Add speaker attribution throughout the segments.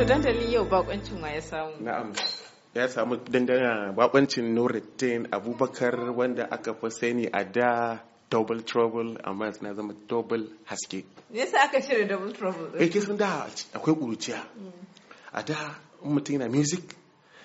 Speaker 1: To dandali yau bakoncin wa ya samu.
Speaker 2: Na'am. Ya samu dandana bakoncin Nuruddin Abubakar wanda aka fi sani a da double trouble amma yanzu na zama double haske. Me
Speaker 1: yasa aka cire double trouble? Eh kisan
Speaker 2: da akwai kuruciya. Mm. A da mutum yana music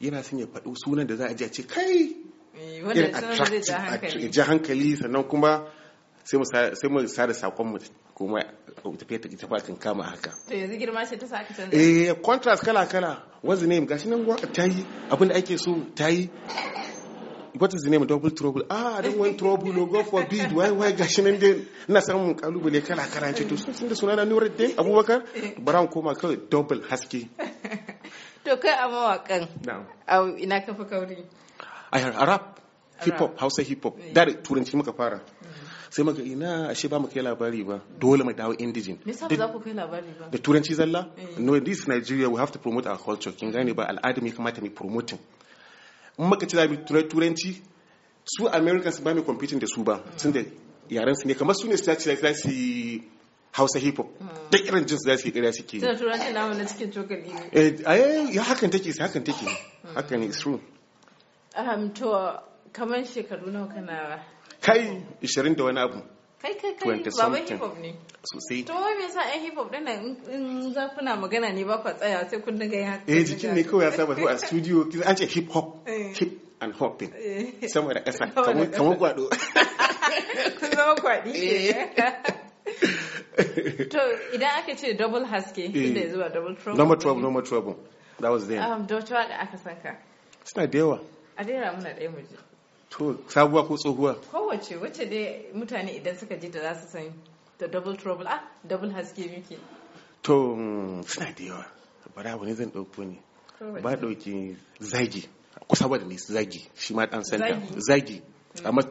Speaker 2: yana son ya faɗo sunan da za a ji a ce
Speaker 1: kai eh, irin attractive
Speaker 2: ja hankali sannan kuma sai mu sakon mu kuma tafiya ta tafi kan kama haka
Speaker 1: to yanzu girma ce ta saka canza
Speaker 2: eh contrast kala kala what's the name gashi nan waka ta yi abinda ake so ta yi what is the name double trouble ah i don't want trouble no go for bid why why gashi nan dai ina samun kalubale kala kala ce to sun da sunana Nuruddin Abubakar eh. Brown koma kai double haske
Speaker 1: to kai a mawakan ina kafa kauri
Speaker 2: a rap hip hop hausa hip hop da eh. turanci muka fara sai maka ina ashe ba mu kai labari ba dole mu dawo indigen me yasa ba za
Speaker 1: ku kai labari ba da turanci zalla eh.
Speaker 2: no this Nigeria we have to promote our culture kin gane ba al'adar me kamata mu promoting in muka ci zabi turanci su Americans ba mu competing da su ba mm. tunda yaran su ne kamar su ne su ci hausa hip hop mm. duk irin jins za su yi ƙarya suke tana
Speaker 1: turanci namu na cikin cokali ne
Speaker 2: eh ya hakan take hakan take mm. hakan is true
Speaker 1: um to kamar shekaru nawa kana
Speaker 2: kai 20 da wani abu
Speaker 1: kai kai kai baban hip hop ne sosai to wai me yasa ɗan hip hop dana in za kuna magana ne ba ku tsaya sai kun dinga ya eh
Speaker 2: jikin ne kawai ya saba zuwa a studio an ce hip hop eh. hip and hopping eh. sama da ƙasa kamar kwado
Speaker 1: kun zama kwaɗi eh. to idan aka ce double haske da zuwa double trouble number trouble number
Speaker 2: trouble that was there
Speaker 1: um da aka saka suna da yawa a dai ramuna ɗaya mu je
Speaker 2: to sabuwa ko tsohuwa
Speaker 1: kowace wacce dai mutane idan suka ji da za su san da double trouble ah double haske muke
Speaker 2: to mm, suna da yawa bara wani zan ɗauko ne ba ɗauki zagi kusa ba da ne zagi shi ma ɗan santa. zagi mm. amma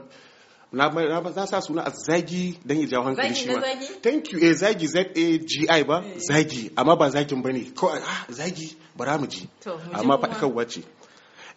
Speaker 2: na ba za sa suna a zagi don ya jawo hankali shi ma thank you eh zagi z a g i ba eh. zagi amma ba zagin bane ko ah zagi bara mu ji
Speaker 1: amma faɗakarwa
Speaker 2: ce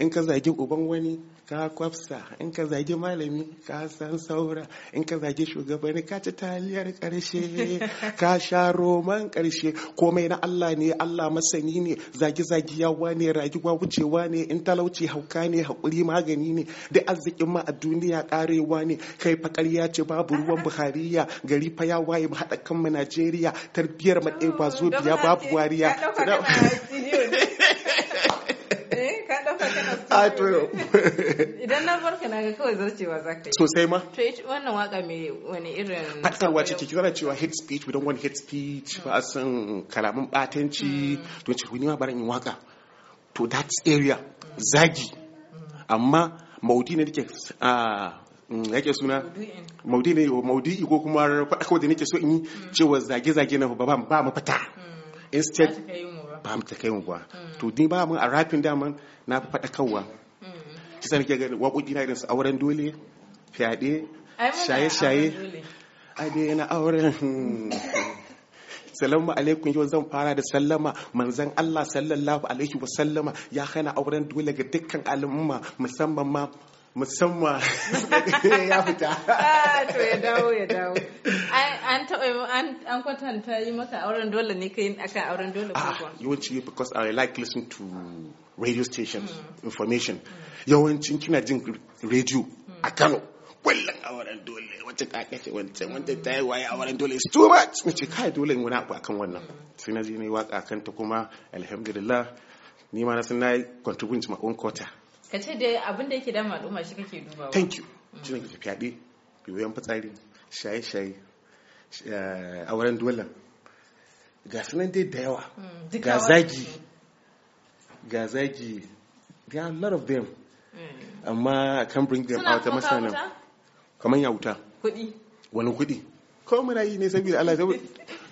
Speaker 2: in ka zagi uban wani ka kwafsa in ka zagi malami ka san saura in ka zagi shugabanni ka ci taliyar karshe ka sha roman karshe komai na Allah ne Allah masani ne zagi zagi yawa ne ragi wucewa ne in talauci hauka ne hakuri magani ne da arzikin ma a duniya karewa ne kai fa ƙarya ce babu ruwan buhariya gari fa ya waye mu haɗa kanmu Najeriya tarbiyar mu ɗaya eh, ba biya babu wariya
Speaker 1: a
Speaker 2: ah, to
Speaker 1: idan na barka na ga kawai zarcewa za ka yi sosai ma to ita wannan waka mai wani irin
Speaker 2: fadawa ce ki zana cewa hate speech we don't want hate speech ba a san kalaman batanci mm. to ce ni ma baran yin waka to that area zagi amma maudi ne nake ah, mm, yake suna maudi ne maudi ko kuma faɗa kawai da nake so in yi mm. cewa zage-zage na ba ba mafita instead ba mu ta kai mu mm. ba to ni ba mun a rafin da mun na faɗa kawwa. ki
Speaker 1: mm.
Speaker 2: sani ke gani waƙoƙi na irin su auren dole fyaɗe
Speaker 1: shaye-shaye
Speaker 2: a yana auren salamu alaikum yau zan fara da sallama manzan Allah sallallahu alaihi wa sallama ya hana auren dole ga dukkan al'umma musamman ma musamman ya fita ah, to ya dawo ya dawo
Speaker 1: an taɓa an kwatanta yi maka auren dole ne kai akan auren dole ko ah,
Speaker 2: yawanci because i like listen to radio stations mm. information yawancin kina jin radio a mm. Kano Kwallon auren dole wacce ta kashe wancan wancan ta yi waye auren dole is too much mace kai dole wani abu akan wannan mm. sai na je na yi waka akan ta kuma alhamdulillah ni ma na san na yi contribute my own quarter
Speaker 1: ka ce dai abin da yake damun al'umma shi kake dubawa thank
Speaker 2: you ciwon mm. ke fyaɗe yoyon fitsari shaye-shaye eh, auren dole ga sunan dai da yawa
Speaker 1: mm, ga
Speaker 2: zagi ga zagi there are a lot of them mm. amma can bring them out da masana kamar ya wuta kuɗi wani kuɗi kawai muna yi ne saboda Allah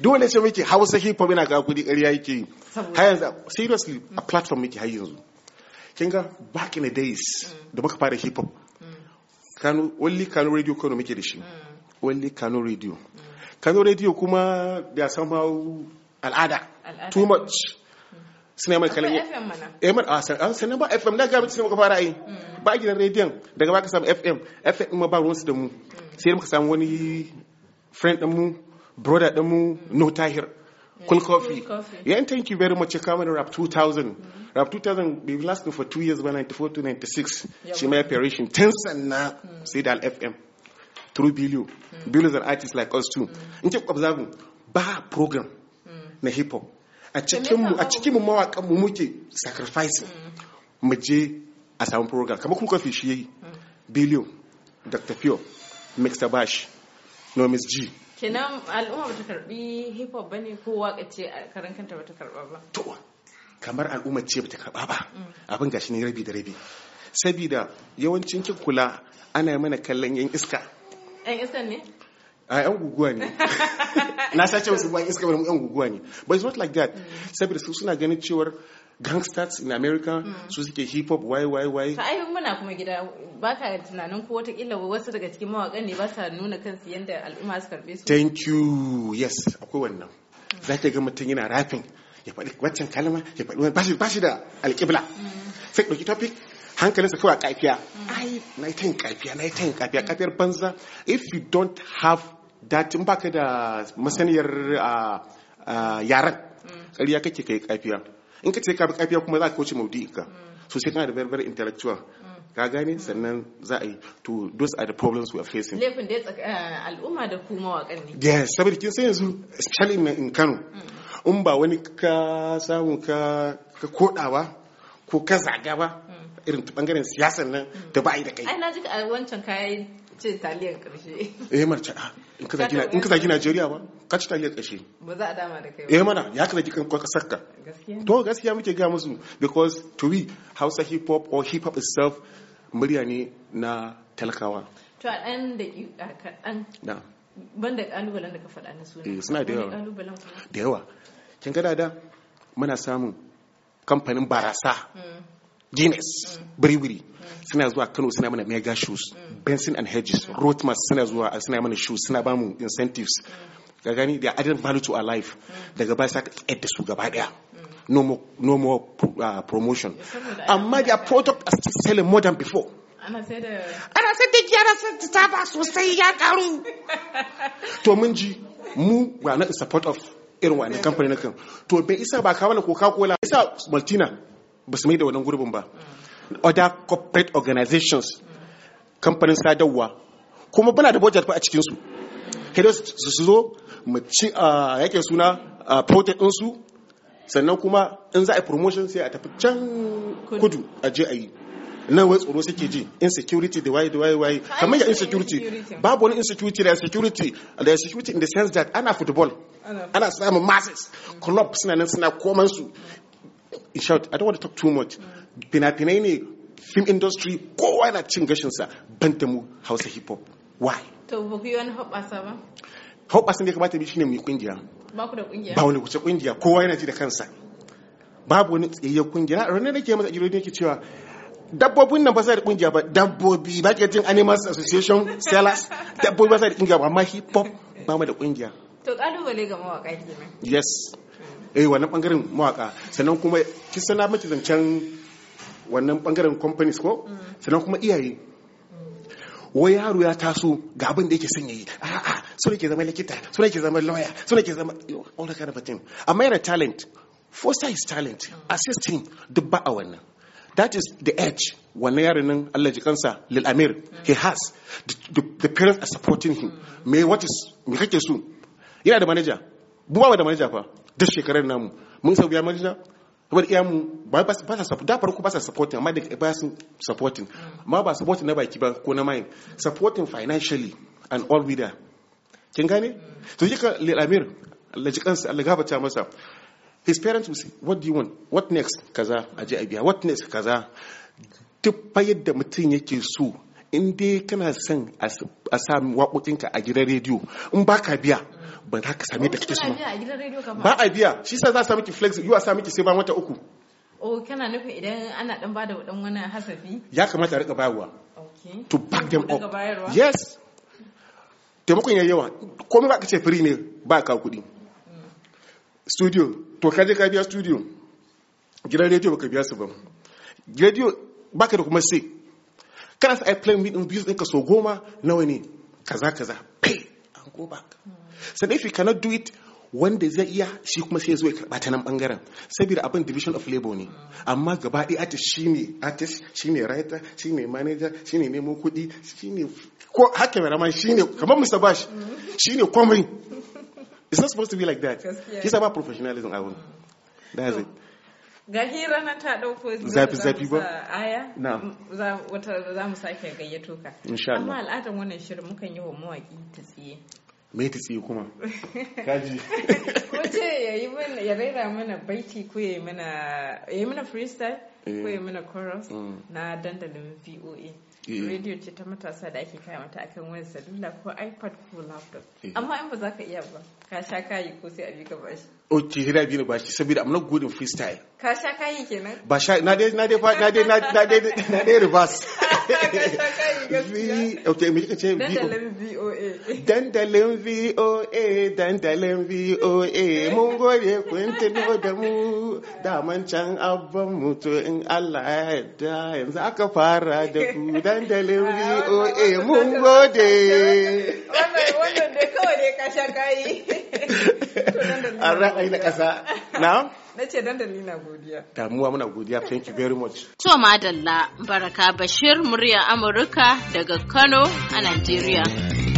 Speaker 2: dole ce muke hausa hip hop yana kawo kuɗi ƙarya yake yi har yanzu seriously a platform muke har yanzu kinga back in the days mm. da muka fara hip hop mm. kano only kano radio kano muke da shi mm. only kano radio kano radio kuma da somehow al'ada too much suna mai kalan yi fm mana. a sannan ba fm na gami suna muka fara yi ba a gidan rediyon daga ba ka samu fm fm ma ba ruwansu da mu sai muka samu wani friend mu brother mu, no tahir Cool Coffee. Cool coffee. Yeah, and thank you very much. You coming around 2000. Mm. hmm RAP 2000, we've lasted for two years, by 94 to 96. Yeah, she made operation. Tencent na mm. Sedal FM. Through Bilu. Mm. hmm Bilu is an artist like us too. Mm. And you observe, bar program mm. na hip hop. A chicken, a chicken, mm. a mawakan sacrifice. Maji, a sound program. Come on, Cool Coffee she, yayi. Mm. Bilu, Dr. Pio, Mr. Bash, no Miss G.
Speaker 1: kenan al'umma ba ta karbi hip hop bane ko waka ce a karan kanta bata karba ba to
Speaker 2: kamar al'umma ce bata karba ba mm. abin gashi ne rabi da rabi sabida yawancin kin kula ana mana kallon yan iska yan iska ne a yan guguwa ne na sace wasu ban iska bane yan guguwa ne but it's not like that mm. saboda su suna ganin cewar gangsters in america mm. su suke hip hop why why why ta
Speaker 1: ai muna kuma gida ba ka tunanin ko wata kila wasu daga cikin mawakan ne ba sa nuna kansu yanda al'umma su karbe su
Speaker 2: thank you yes akwai wannan zaka ga mutum yana rapping ya faɗi waccan kalma ya faɗi ba shi da alƙibla mm. sai ɗauki topic hankalinsa kawai a kafiya ai na yi ta yin kafiya na yi ta yin kafiya kafiyar banza if you don't have datin baka da masaniyar yaran mm. ƙarya kake kai kafiya in ka ce ka bi kafiya kuma za ka maudi ka. Mm. so sai kana da very very intellectual mm. ka gane sannan za a yi to those are the problems we are facing
Speaker 1: laifin da ya al'umma da kuma wa ne
Speaker 2: yes saboda kin san yanzu especially in Kano in ba wani ka samu ka kodawa ko ka zaga ba irin ta bangaren siyasar nan da ba a yi da kai ai
Speaker 1: na ji a wancan kayan ce taliyar karshe
Speaker 2: eh marce in ka zaki in ka zaki Najeriya ba ka ci taliyar karshe
Speaker 1: ba za a dama da kai eh mana
Speaker 2: ya ka zaki kan kasar ka to gaskiya muke ga musu because to we Hausa hip hop or hip hop itself murya ne na talakawa
Speaker 1: to a ɗan daƙiƙa kaɗan banda ƙalubalen da ka faɗa na suna eh, suna da yawa
Speaker 2: da yawa kin ga da muna samun kamfanin barasa hmm. guinness biriwiri suna zuwa kano suna mana mega shoes benson and hedges rotmas suna zuwa suna mana shoes suna bamu incentives ga gani da added value to our life daga baya sa tsayar da su gaba daya no more, no more uh, promotion amma their product are still selling more than before
Speaker 1: ana sai da gyara da ta ba sosai ya karu
Speaker 2: to mun ji mu wa in support of irin wa'annan kamfanin kan to bai isa ba kawo na coca cola isa maltina ba su mai da wannan gurbin ba other corporate organizations kamfanin sadarwa kuma bana da bojar fa a cikinsu kada su zo mu ci a yake suna project ɗinsu sannan kuma in za a yi promotion sai a tafi can kudu a je a yi nan wai tsoro suke ji insecurity da waye da waye waye kamar ya insecurity babu wani insecurity da security da security in the sense that ana football ana samun masses club suna nan suna koman su in short, I don't want to talk too much. Fina-finai ne film industry ko kowa yana cin gashinsa ban da mu Hausa hip hop. Why?
Speaker 1: To ba ku yi wani hoɓasa ba?
Speaker 2: Hoɓasan da ya kamata bi shine mu yi kungiya.
Speaker 1: Ba ku da kungiya? Ba wani
Speaker 2: kuce kungiya kowa yana ji da kansa. Babu wani tsayayyar kungiya. Ranar da ke masa ajiro ne ke cewa dabbobin nan ba sa da kungiya ba dabbobi ba ke jin animals association sellers dabbobi ba sa da kungiya ba amma hip hop ba mu da kungiya.
Speaker 1: To kalubale ga mawaƙa kenan.
Speaker 2: Yes. eh wannan bangaren mawaka sannan kuma kin sana miki zancen wannan bangaren companies ko mm. sannan kuma iyaye wai yaro ya taso ga abin da yake son yayi a'a so yake zama likita so yake zama lawyer so yake zama all kind of thing amma yana talent foster his talent mm. assist him duk ba a wannan that is the edge wannan yaron nan Allah ji kansa lil amir mm. he has the, the, parents are supporting him me what is me kake su. yana da manager buwa da manager fa da shekarar namu mun sau biya marina kamar iyamu ba sa da farko ba sa supporting amma daga ba su supporting amma ba supporting na baki ba ko na mind supporting financially and all with that kin gane to kika lil amir Allah ji kansa Allah gafarta masa his parents will say what do you want what next kaza aje a biya what next kaza duk fa yadda mutum yake so in dai kana son a sa waƙoƙinka a gidan rediyo in ba ka biya ba ka same da kake suna ba a biya shi sa za a sami ki flex yiwa sami ki sai ba wata uku
Speaker 1: o oh, kana nufin idan ana dan da wadan wani hasafi
Speaker 2: ya kamata a rika bayarwa to back them up yes taimakon ya yawa komai ba ka ce free ne ba ka kuɗi studio to kaje ka biya studio gidan rediyo ba ka biya su ba rediyo baka da kuma sai kana sa ai plan meeting views ɗinka so goma nawa ne kaza kaza pay and go back sannan if you cannot do it wanda zai iya shi kuma sai zo ya karɓa ta nan ɓangaren saboda abin division of labor ne amma gaba ɗaya artist shi ne artist shi ne writer shi ne manager shi ne nemo kuɗi shi ne ko haka mai raman shi ne kamar musa bash shi ne komai it's not supposed to be like that yasa ba professionalism a wani that's it
Speaker 1: ga hira na ta dauko zafi zafi ba aya na'am za wata za mu sake gayyato ka insha Allah amma al'adan wannan shirin mukan yi wa mawaki ta tsiye
Speaker 2: me ta tsiye kuma kaji
Speaker 1: ko ce yayi mana ya raira mana baiti ko yayi mana yayi mana freestyle ko yayi eh. mana chorus mm. na dandalin VOA eh. radio ce ta matasa da ake kaya mata akan wayar salula ko ipad ko laptop eh. amma in ba za ka iya ba ka sha kayi ko sai a bi
Speaker 2: ka bashi ok hira biyu ba shi saboda amma not good freestyle
Speaker 1: ka sha kayi kenan
Speaker 2: ba sha na dai na dai na dai na dai na dai reverse ok me kika ce dandalin
Speaker 1: VOA
Speaker 2: dandalin VOA dandalin VOA mun gode kun tuno da mu da man can abban mu to in Allah ya yarda yanzu aka fara da ku dandalin VOA mun gode
Speaker 1: wannan wannan dai kawai dai ka sha kayi an ra'ayi na ƙasa na na ce dandali na godiya
Speaker 2: damuwa muna godiya thank you very much
Speaker 1: to madalla baraka bashir murya amurka daga kano a nigeria